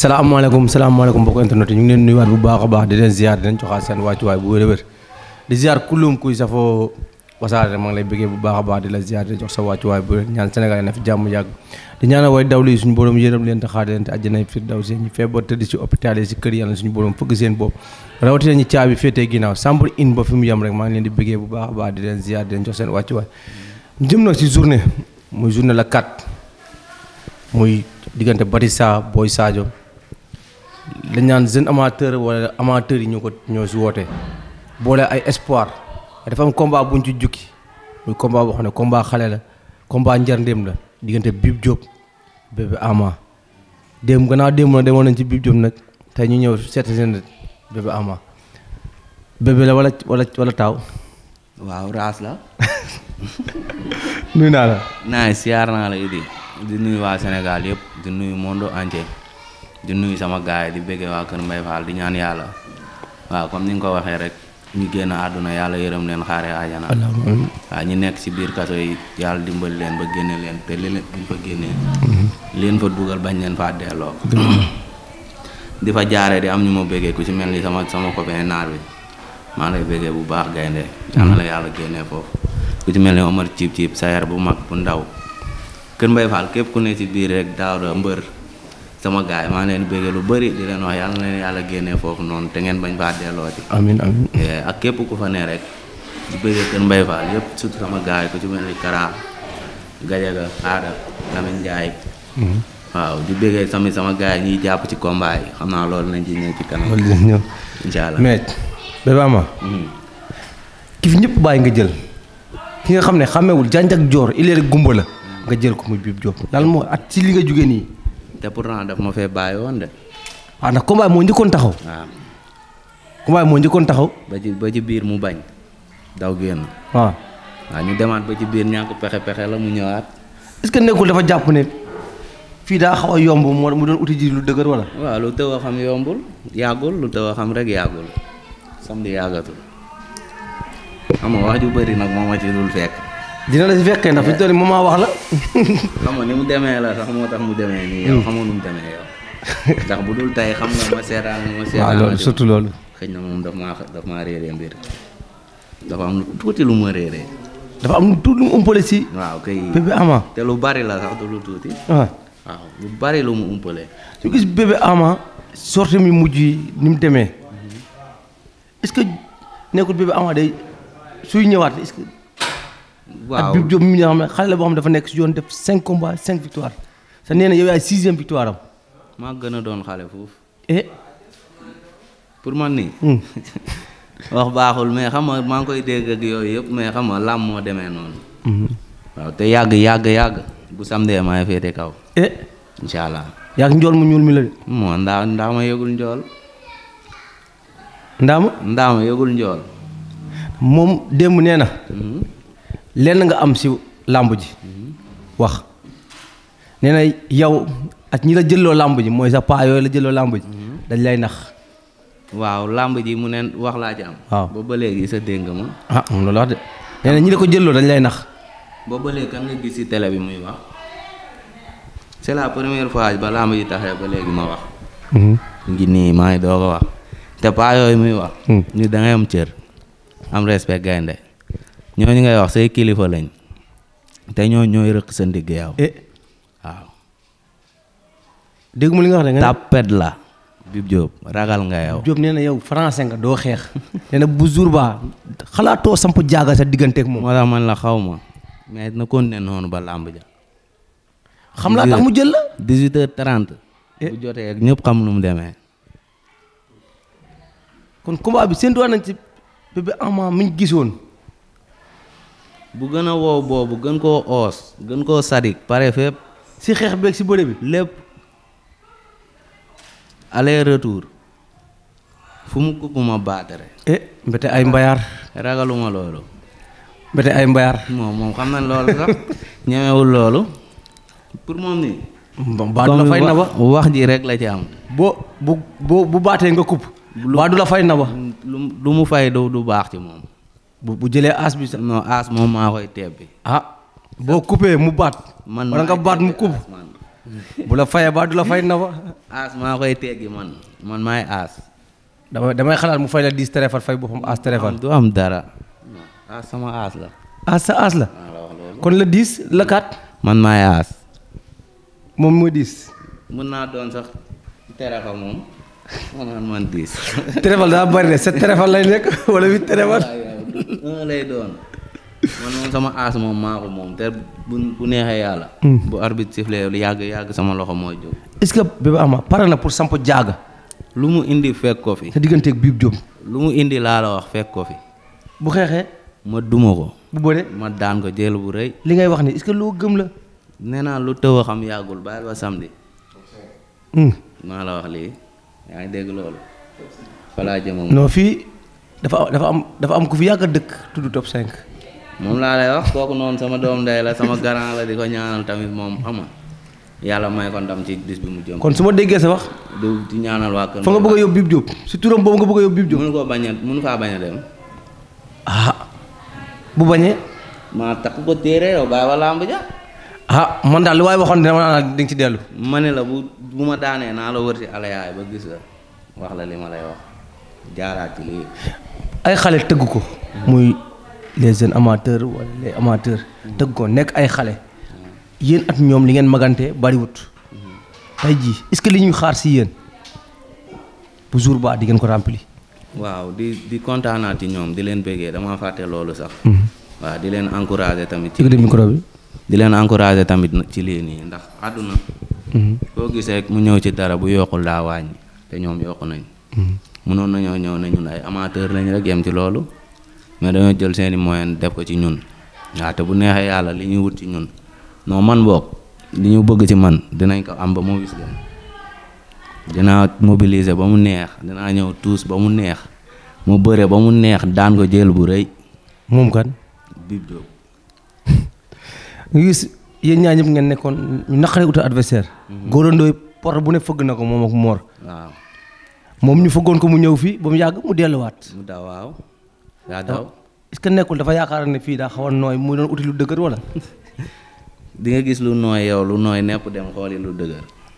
salaamaaleykum salaamaaleykum mbokk internet yi ñu ngi leen nuyuwaat bu baax a baax maa ngi lay bëggee bu baax a baax di la ziar jox sa wàccuwaay bu ñaan Sénégal na fi jàmm yàgg di ñaanal way dawlu yi suñu borom yërëm leen te xaar leen te àjjana firdaw si ñu feebar tëdd si hôpital yi si kër yàlla suñu borom fëgg seen bopp rawatina ñu caabi féetee ba fi mu yem rek ngi leen di bëggee bu baax baax di leen ziar di leen jox seen wàccuwaay jëm muy journée la 4 muy diggante Batista Boy Sadio dañ naan jeune amateur wala amateur yi ñoo ko ñoo si woote boole ay espoir dafa am combat buñ ci jukki muy combat boo xam ne combat xale la combat njarndéem la diggante Bib Diop bébé Ama démb gannaaw démb na demoon nañ ci Bib Diop nag te ñu ñëw seet seen bébé Ama bébé la wala wala wala taaw. waaw ras la. nuyu naa la. naay siyaar naa la Idi di nuyu waa Sénégal yëpp di nuyu monde entier. di nuyu sama gaay di bëggee waa Kër Mbaye Fall di ñaan yàlla waaw comme ni nga ko waxee rek ñu génn àdduna yàlla yërëm leen xaaree ajana waaw ñu nekk ci biir kaso yi yàlla dimbali leen ba génne leen te li leen buñ fa génnee mhm. leen fa dugal bañ leen faa delloo di fa jaaree di am ñu ma bëggee ku ci mel ni sama sama copain naar bi maa lay bëggee bu baax gaynde yàlla la yàlla génnee foofu ku ci mel ni Omar ciib ciib sayar bu mag bu ndaw Kër Mbaye Fall képp ku ne ci biir rek daaw sama gaay maa ngi leen bëggee lu bari di leen wax yàlla na leen yàlla génnee foofu noonu te ngeen bañ faa dellooti. amiin amiin ak képp ku fa ne rek di bëggee kër Mbaye Fall yëpp surtout sama gaay ko ci mel ni Kara Gajaga Aada Lamine Ndiaye. Mm-hmm. waaw di bëggee tamit ñiy jàpp ci combat yi xam naa loolu lañ ci ñëw ci kanam. loolu lañ ñëw incha Ama mm-hmm. ki fi ñëpp bàyyi nga jël ki nga xam ne xàmmewul janj ak joor ileer gumba la nga jël ko mu biib Diop lan moo at ci li nga jugee nii. te pourtant daf ma fee bàyyi woon de. waaw ah, ndax combat moo njëkkoon taxaw. waaw. Ah. combat moo njëkkoon taxaw. ba ci biir mu bañ. daw génn. waaw. Ah. waaw ñu demaat ba ci biir ñàkk pexe pexe la mu ñëwaat. est-ce nekkul dafa jàpp ne fii daa xaw yomb moo mu doon uti ji lu dëgër wala. waaw lu tëw xam yombul yàggul lu tëw a xam rek yàggul samedi yàggatul xam wax ju bëri nag moo ma ci dul fekk. dina la si fekkee ndax fi toll moom maa wax la. sax moo tax mu demee nii. yow hmm. xamoo nu mu demee yow. ndax bu dul tey xam nga ma seetaan ma. seetaan waaw loolu surtout xëy na moom daf maa daf maa réeree tuuti lu ma réeree. dafa lu tuuti lu mu umpale si. bébé Ama. te lu bari la sax du lu mu umpale. su gis bébé Ama. sorti mi mujj yi ni mu demee. Mhm. est-ce que nekkul bébé Ama day suy ñëwaat est waaw ak Bib Diop xale la dafa nekk si yoon def cinq combats cinq victoire nee na yow yaay sixième victoire am. gën a doon xale foofu. Eh? pour man nii. Hmm. baaxul mais xam nga maa ngi koy dégg yooyu yëpp mais xam nga làmm demee noonu. Hmm. yàgg yàgg yàgg bu samedi maa ngi kaw. eh incha allah. mu ñuul mi la de. moo ndaa ndaa ma yëgul njool. ndaa ma. ndaa ma yëgul njool. moom démb nee na. Hmm? lenn nga am si làmb ji wax nee na yow ak ñi la jëlloo làmb ji mooy sa paa la jëlloo làmb ji dañ lay nax waaw làmb ji mu ne wax laa ji am waaw ba léegi sa dégg nga ma ah loolu wax de nee na ñi la ko jëlloo dañ lay nax ba ba léegi kan nga gis si télé bi muy wax c'est la première ba làmb ji taxee ba léegi ma wax mhm. ngi nii maa ngi doog a wax te paa yooyu muy wax mhm. ni da am cër am respect gaynde ñooñu ngay wax say kilifa lañ te ñoo ñooy rëq sa ndigg yow eh. waaw dégg mu li nga wax de nga tàppet la Bib Diop ragal nga yow Diop nee na yow français nga doo xeex nee bu ba xalaatoo samp jaaga sa digganteeg moo tax man la xaw mais na noonu ba làmb ja xam mu jël la dix-huit eh. jotee ak ñëpp xam nu mu demee kon combat bi seentuwaat nañ ci Bébé Ama mi ñu gisoon bu gën a woow boobu gën koo oos gën koo sadik pare fépp si xeex beeg si bëre bi lépp aller retour fu mu kupp ma baatere eh ay mbayar ragaluma loolu mbete ay mbayaar moom moom xam na loolu sax ñemewul loolu pour moom nii baat du la fay na ba wax ji rek la ci am boo bu bu bu baatee nga kupp baat du la fay na ba lu mu fay du du baax ci moom bu bu jëlee aas bi sax non aas moom maa koy teeb bi ah boo coupé mu baat man wala nga baat mu coupe bu la fayee ba du la fay na ba aas maa koy teg man man maay aas damay xalaat mu fay la diis téréfal fay boppam aas téréfal du am dara aas sama aas la aas sa aas la kon la diis la kaat man maay aas moom mooy diis mën naa doon sax téréfal moom man daa bari de sept téréfal lay nekk wala huit téréfal moom lay doon man moom sama aas moom maa ko moom te bu bu neexee yàlla. Hmm. bu arbitre sifflé yàgg yàgg sama loxo mooy jóg. est-ce que Bébé Ama pare na pour samp jaaga. lu mu indi fekk ko fi. sa digganteeg biib Diop. lu mu indi laa la wax fekk ko fi. bu xeexee. ma duma ko. bu bëree ma daan ko jël bu rëy. li ngay wax ni est-ce loo gëm la. nee naa lu tëw a xam yàggul bàyyil ba samedi. Hmm. maa la wax lii yaa ngi dégg loolu. falaa jëmam non fii dafa dafa am dafa am ku fi yàgg a dëkk tudd top 5. moom laa lay wax kooku noonu sama doom day la sama garant la di ko ñaanal tamit moom xam nga yàlla may ko ndam ci bis bi mu jëm. kon su ma déggee sa wax. du di ñaanal waa kër fa nga bëgg a yóbbu Bib Diop si turam boobu nga bëgg a yóbbu Bib Diop. mënu koo bañ a mënu faa bañ a dem. ah ko téere yow bàyyi ba làmb ah man daal lu waay waxoon dama naan di nga ci dellu. ma ne la bu bu ma daanee naa la wër ci alayaay ba gis la wax la li ma lay wax jaaraat ay xale tëgg ko muy les jeunes amateurs wala les amateurs tëgg ko nekk ay xale yéen at ñoom li ngeen magante bariwut tey jii est-ce que li ñuy xaar si yéen bu jour ba di ngeen ko rempli waaw di di kontaanaat yi ñoom di leen bëggee damaa fàtte loolu sax mhm. waaw di leen encourager tamit ci micro di leen encourager tamit ci lii nii ndax àdduna mhm. boo gisee mu ñëw ci dara bu yokkul daa wàññi te ñoom yokku nañ mhm. mënoon nañoo ñëw ne ñun ay amateur lañ rek yem ci loolu mais dañoo jël seeni moyen def ko ci ñun waaw te bu neexee yàlla li ñuy wut ci ñun non man boog li ñu bëgg ci man dinañ ko am ba mu wis dinaa mobiliser ba mu neex dinaa ñëw tuus ba mu neex mu bëre ba mu neex daan ko jël bu rëy. moom kan. Bib Diop. gis yéen ñaa ñëpp ngeen nekkoon ñu naqaree utal adversaire. Mhm. góorandoo porte bu ne fëgg na ko moom ak Mor. waaw. moom ñu fëggoon ko mu ñëw fii ba mu yàgg mu delluwaat. mu daaw waaw nekkul dafa yaakaar ne fii daa xaw nooy mu doon uti lu dëgër nga gis lu nooy lu nooy nepp dem xooli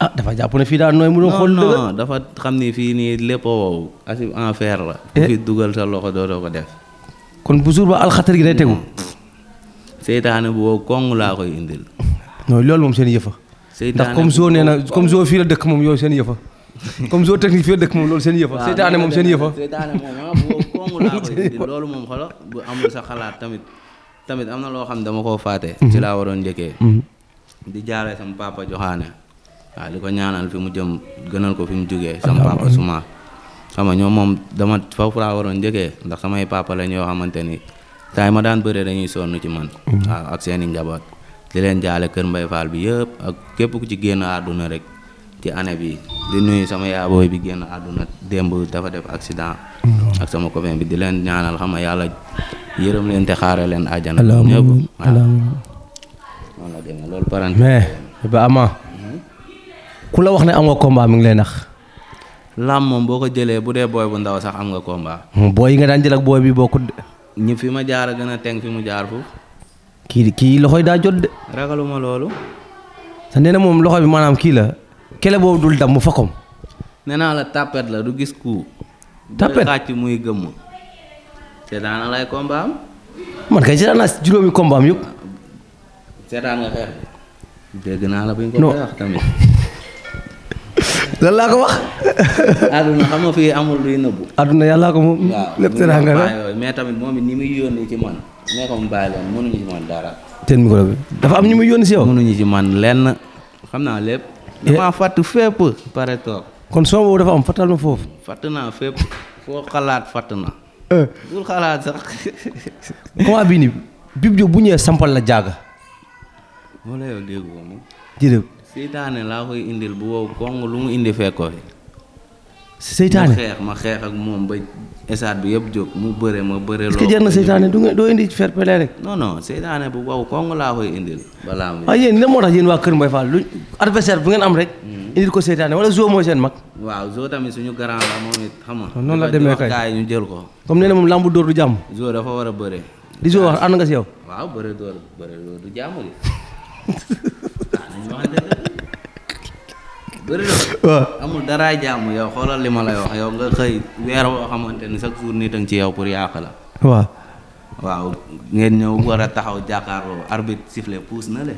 ah dafa jàpp ne fii daa nooy mu doon xool lu dëgër dafa xam ni fii nii lépp wow asib en la. ku eh? fi dugal sa loxo dootoo ko def. kon bu jour ba alxatar gi day tegu. Mm-hmm. seytaane boo koŋ laa koy indil. non loolu moom seen yëfa. seytaane ndax comme zoo nee na comme zoo fii la dëkk moom yow seen yëfa. comme zoo technique fii dëkk moom loolu seen yëfa seytaane moom seen ah, yëfa loolu moom xolo bu amul sa xalaat tamit tamit am na loo xam dama koo faate mhm. ci laa waroon njëkkee mhm. di jaaree sama papa joxaane waaw di ko ñaanal fi mu jëm gënal ko fi mu jógee sama papa suma xam nga moom dama foofu laa waroon njëkkee ndax samay papa lañ yoo xamante ni taay ma daan bëree dañuy sonn ci man mhm. waaw ak seen i njaboot di leen jaale kër Mbay Faal bi yëpp ak képp ku ci génn adduna rek ci année bi di nuyu sama yaabooy bi génn àdduna démb dafa def accident mm-hmm. ak sama copain bi di leen ñaanal xam nga yàlla yërëm leen te xaaral leen àjjana ñëpp wala demee loolu parent mais ba ama mm-hmm. ku la wax ne am nga combat ngi lay nax lam boo ko jëlee bu dee booy bu ndaw sax am nga combat hmm, booy yi nga daan jël ak booy bi boo bokkut ñi fi ma jaar a gën a teng fi mu jaar foofu kii kii loxoy daa jot de ragaluma loolu sa nee moom loxo bi maanaam kii la kele boobu dul dam mu fakom nee la tàppet la du gis ku tàppet xàcc muy gëmm seetaan na lay combat man kay seetaan naa juróomi combat yëpp seetaan nga xeex dégg naa la bu ñu ko wax tamit lan laa ko wax àdduna xam nga fii amul luy nëbbu àdduna yàllaa ko moom lépp teraanga la yooyu mais tamit moom it ni muy yónni ci man nee mu bàyyi leen mënuñu ci man dara teen micro bi dafa am ñu muy yónni si yow mënuñu ci man lenn xam naa lépp damaa eh. fàtt fépp pare toog. kon son dafa am fàttal ma foofu. fàtt naa fépp foo xalaat fàtt na. Eh. bul xalaat sax. comment bii nii Bib Diop bu ñëwee sampal la jaaga. wala yow dégg nga moom. seytaane laa koy indil bu wow kong lu mu indi fekkoo fi. seytaane ma xeex ma xeex ak moom ba esaat bi yëpp jóg mu bëre ma bëre. loo est-ce que jar du nga doo indi fair play rek. non non seytaane bu wow laa koy indil. balaa muy waaw ah, yéen waa Kër Mbaye Fall lu bu ngeen am rek. Hmm. indil ko seytaane wala zoo mooy seen mag. waaw zoo tamit suñu grand la moom it xam nga. noonu la demee ñu jël ko. comme nee na dóor jàmm. zoo dafa war a bëre. di zoo wax ànd nga si yow. waaw bëre dóor bëre du jàmm de. bëri amul daraay jàmm yow xoolal li ma lay wax yow nga xëy weer woo xamante ni chaque jour nit a ngi ci yow pour yàq la. waaw. waaw ngeen ñëw war a taxaw jàkkaarloo arbitre sifflé puus na le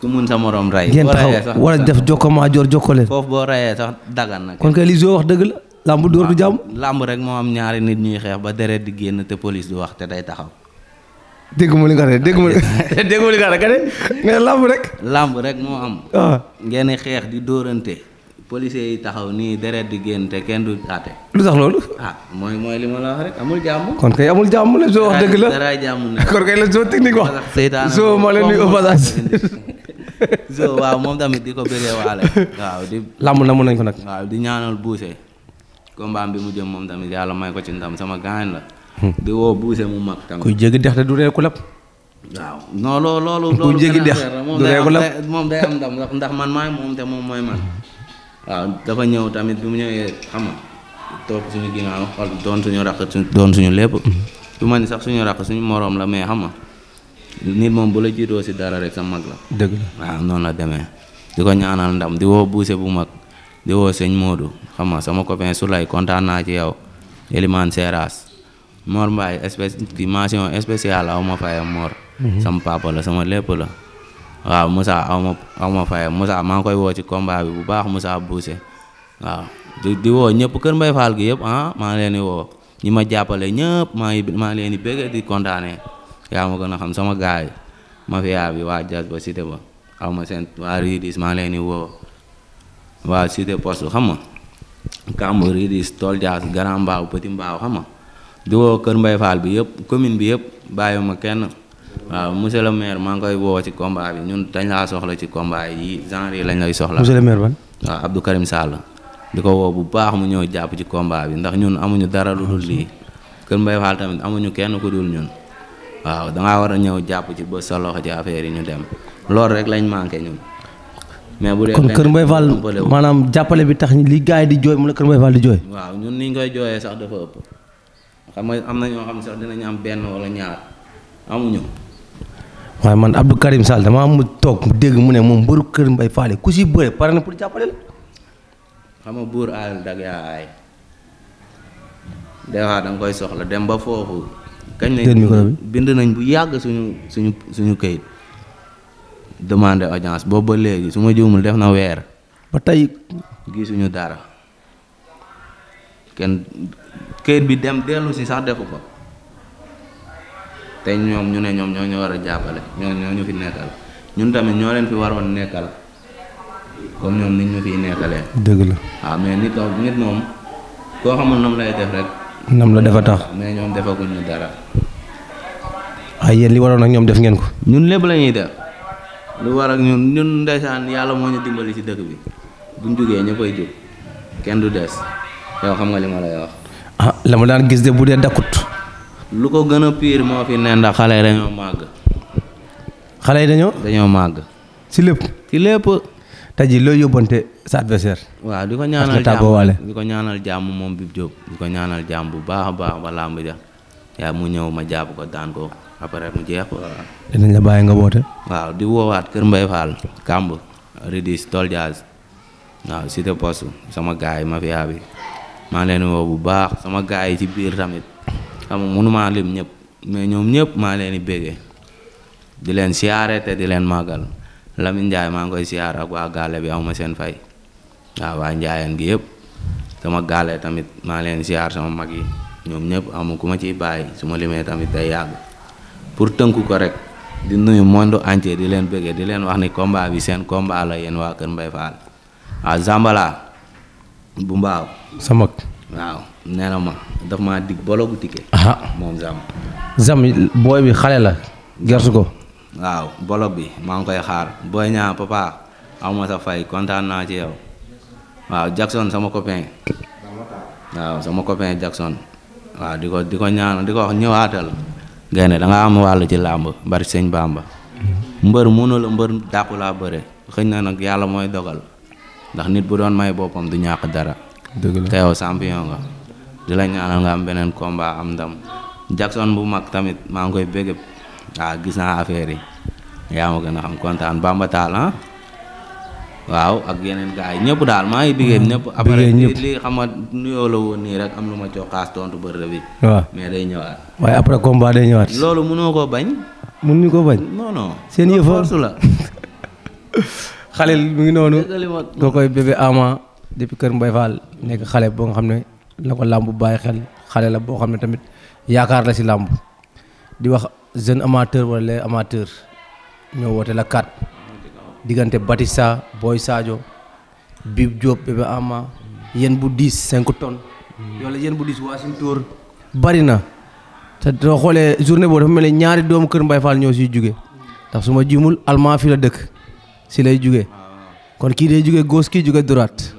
ku mun sa morom rey. boo rayee war a def jokko maa joor jokko leen. foofu boo rayee sax dagan na. kon kay li wax dëgg la. làmb door du jàmm. làmb rek moo am ñaari nit ñuy xeex ba deret di génn te police du wax te day taxaw. dégg ma li nga xam ne dégg ma dégg ma li nga xam ne nga ne làmb rek. làmb rek moo am. waaw ah. ngeen xeex di dóorante. policiers yi taxaw nii deret di génn te kenn du àtte. lu tax loolu. ah mooy mooy li ma la wax rek amul jàmm. kon kay amul jàmm la soo wax dëgg la dara jàmm na kon kay la soo technique wax. seytaane soo moo leen nuyu au passage. soo waaw moom tamit di ko bëggee waale. waaw di. làmb namu nañ ko nag. waaw di ñaanal buuse. combat bi mu jëm moom tamit yàlla may ko ci ndam sama gaañ la. Hmm. di woo buuse mu mag tam kuy jéggi dex du reeku lab waaw non loolu loolu loolu kuy moom day am ndam ndax ndax man maay moom te moom mooy man waaw dafa ñëw tamit bi mu ñëwee xam nga toog suñu ginnaaw xool doon suñu lépp hmm. du ma ni sax suñu raq suñu moroom la mais xam nga nit moom bu la jiitoo si dara rek sa mag la dëgg la waaw noonu la demee di ko ñaanal ndam di woo buuse bu mag di woo sëñ moodu xam nga sama copain Soulay kontaan naa ci yow Elimane Seras Mor Mbaye espèce kii mention Mor. Mhm. sama papa la sama lépp la. waaw Moussa aw ma aw maa ngi koy woo ci combat bi bu baax musaa Bousse waaw di woo ñëpp Kër Mbaye Fall gi yëpp ah maa ngi woo ñi ma jàppale ñëpp maa ngi maa ngi leen di bëgg di kontaanee yaa ma gën a xam sama gaay yi mafia bi waa Dias ba Cité ba aw ma seen waa Ridis maa ngi leen woo waa Cité Poste xam nga Kamb Ridis Tool Dias Mbaaw Petit Mbaaw xam di woo Kër Mbay Fall bi yëpp commune bi yëpp bàyyiwuma kenn waaw monsieur le maire maa ngi koy woo ci kombaa bi ñun dañ laa soxla ci combat yi genre yi lañ lay soxla. monsieur le maire ban. waaw Abdou Karim Sall di ko woo bu baax mu ñëw jàpp ci combat bi ndax ñun amuñu dara lu dul lii Kër Mbay Fall tamit amuñu kenn ku dul ñun waaw dangaa war a ñëw jàpp ci ba sa loxo ci affaire yi ñu dem loolu rek lañ manqué ñun. mais bu dee kon Kër Mbay Fall maanaam jàppale bi tax li gars yi di jooy mu na Kër Mbay Fall di waaw ñun ni ñu koy sax dafa xam nga am na ñoo xam ne sax am benn wala ñaar amuñu. waaye man Abdou Karim Sall damaa mu toog mu dégg mu ne moom mbëru kër Mbaye Fall ku si bëre pare na pour buur da nga koy soxla dem ba foofu. kañ nañ bind nañ bu yàgg suñu suñu suñu kayit. demande audience boobu ba léegi su ma juumul def na weer. ba tey gisuñu dara kenn këyit bi dem dellu si sax defu ko te ñoom ñu ne ñoom ñoo ñu war a jàppale ñoo ñu fi nekkal ñun tamit ñoo leen fi waroon nekkal comme ñoom nit ñu fiy nekkalee. dëgg la waaw ah, mais nit ko nit moom koo xamul nam lay def rek. nam la dafa tax mais ñoom ñu dara. waaye yéen li waroon ak ñoom def ngeen ko. ñun lépp lañuy ñuy def lu war ak ñun ñun ndeysaan yàlla moo ñu dimbali ci dëkk bi buñ jugee ñu koy jóg kenn du des yow xam nga li ma lay wax. ah la mu daan gis de bu dee dakkut lu ko gën a piir moo fi ne ndax xale yi dañoo màgg xale yi dañoo dañoo màgg si lépp si lépp tey jii looy yóbbante sa adversaire waaw di ko ñaanal jàmm di ko ñaanal jàmm moom bi jóg di ko ñaanal jàmm bu baax a baax ba làmb ja mu ñëw ma jàpp ko daan ko après mu jeex waaw dinañ nga woote waaw di woowaat Kër Mbay Fall Kamb Ridis Tol Diaz waaw Cité Poste sama gaay mafia bi maa leen woo bu baax sama gaa yi ci biir tamit xam nga mënumaa lim ñëpp mais ñoom ñëpp maa leen di béggee di leen siyaare te di leen màggal Lamine Ndiaye maa ngi koy siyaar ak waa gaale bi awma seen fay waaw waa njaayeen gi yëpp sama gaale tamit maa leen siyaar sama mag yi ñoom ñëpp amu ku ma ciy bàyyi su ma limee tamit day yàgg pour tënku ko rek di nuyu monde entier di leen béggee di leen wax ni combat bi seen combat la yéen waa Kër Mbaye Fall waaw Zambala bu mbaaw sa mag waaw nee na ma daf maa dig boloogu tikke moom zam zam booy bi xale la gersu ko waaw bolo bi maa ngi koy xaar booy ñaa papa aw ma sa fay kontaan naa ci yow waaw Jackson sama copain waaw sama copain Jackson waaw di ko di ko ñaan di ko wax ñëwaatal gaynde da nga am wàll ci làmb bari sëñ Bamba mm-hmm. mbër mënu la mbër dàqu laa bëre xëñ na nag yàlla mooy dogal ndax nit bu doon may boppam du ñàkk dara. dëgg la te yow champion nga. di la ñaanal nga am beneen combat am ndam. Jackson bu mag tamit maa ngi koy bëgg ah, gis naa affaire yi kontaan Bamba Tall ah. ñëpp daal maa ngi bëggee ñëpp. après li xam nga nuyoo la woon nii rek am lu ma coxaas tontu bërë bi. waaw mais day ñëwaat. waaye après combat day ñëwaat. loolu mënoo ko bañ. mënuñu ko bañ. seen yëfa xalil mi ngi noonu koo koy bébé Ama depuis Kër Mbaye Fall nekk xale boo nga xam ne la ko làmb bàyyi xel xale la boo xam ne tamit yaakaar la si làmb di wax jeune amateur wala les amateur ñoo woote la kat diggante Batista booy Sadio Bib Diop bébé Ama yéen bu diis cinq tonnes wala yéen bu diis bari na te doo xoolee journée boobu dafa mel ni ñaari doomu Kër Mbaye Fall ñoo siy jóge ndax su ma jimul almaa fi la dëkk si lay jugee ah, ah. kon kii day jugee góos kii jóge droite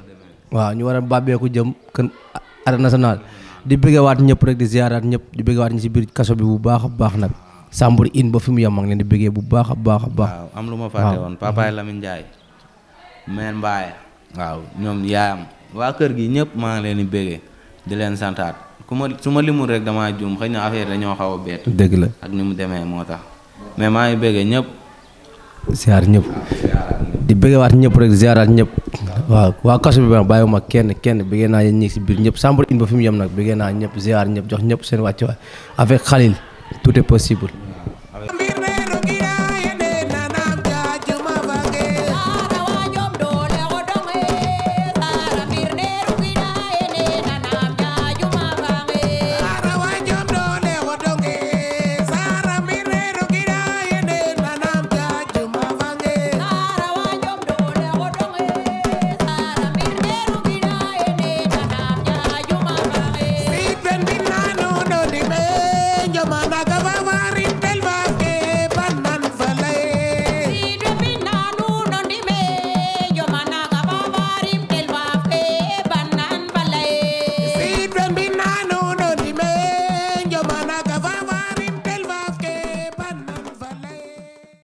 waaw ñu war a bàbbeeku jëm kan arène nationale di bëggewaat ñëpp rek di ziaraat ñëpp di waat ñu si biir kaso bi bu baax a baax nag Sambour in ba fi mu yem ak leen di bëggee bu baax a baax a baax. am lu ma fàtte woon papa Lamine Ndiaye. meen Mbaye. waaw ñoom yaayam waa kër gi ñëpp maa ngi leen di bëggee di leen santaat ku ma su ma limul rek damaa juum xëy a affaire dañoo xaw a bett. dëgg la ak ni mu demee moo tax mais maa ngi bëggee ñëpp. di bëggewaat ñëpp rek ziaraat ñëpp waaw waa kaso bi ma bàyyiwuma kenn kenn bëggee naa yéen ñi si biir ñëpp chambre une ba fi mu nag bëggee naa ñëpp ziaraat ñëpp jox ñëpp seen wàccuwaay avec Khalil tout est possible